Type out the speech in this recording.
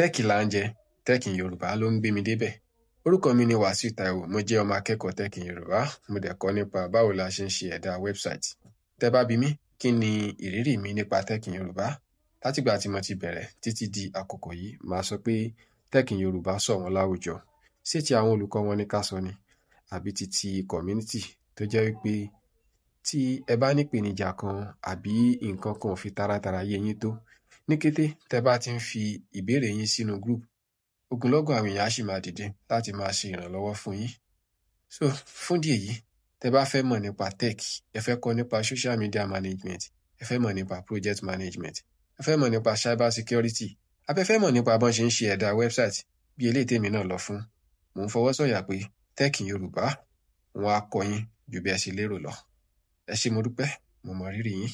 tẹ́ẹ̀kì là ń jẹ tẹ́ẹ̀kì yorùbá ló ń gbé mi débẹ̀ orúkọ mi ni wàsíù taiwo mo jẹ́ ọmọ akẹ́kọ̀ọ́ tẹ́ẹ̀kì yorùbá mo dẹ̀ kọ́ nípa báwo la ṣe ń ṣe ẹ̀dá wẹ́bsáìtì tẹ́ bá bi mí kí ni ìrírí mi nípa tẹ́ẹ̀kì yorùbá látìgbà tí mo ti bẹ̀rẹ̀ títí di àkókò yìí màá sọ pé tẹ́ẹ̀kì yorùbá sọ wọn láwùjọ ṣé ti àwọn olùkọ́ wọn ní ká sọ ni àbí ti ti community tó jẹ́ wípé tí ẹ bá nípèníjà kan àbí nǹkan kan fi taratara yé yín tó ní kété tẹ́ bá ti ń fi ìbéèrè yín sínú group ogunlọ́gọ̀ àwọn èèyàn á sì máa dìde láti máa ṣe ìrànlọ́wọ́ fún yín so fún díẹ̀ yìí tẹ́ bá fẹ́ mọ̀ nípa tech ẹ fẹ́ kọ́ nípa social media management ẹ fẹ́ mọ̀ nípa project management ẹ fẹ́ mọ̀ nípa cyber security abẹ́ fẹ́ mọ̀ nípa bọ́n ṣe ń ṣe ẹ̀dá website bí eléyìí tèmi náà lọ fún mò ń fọwọ́ sọ̀yà pé tech yorùbá wọn á kọ́ yín ju bí ẹ ṣe lérò lọ ẹ ṣé mo dúpẹ́ mo mọ rírì yín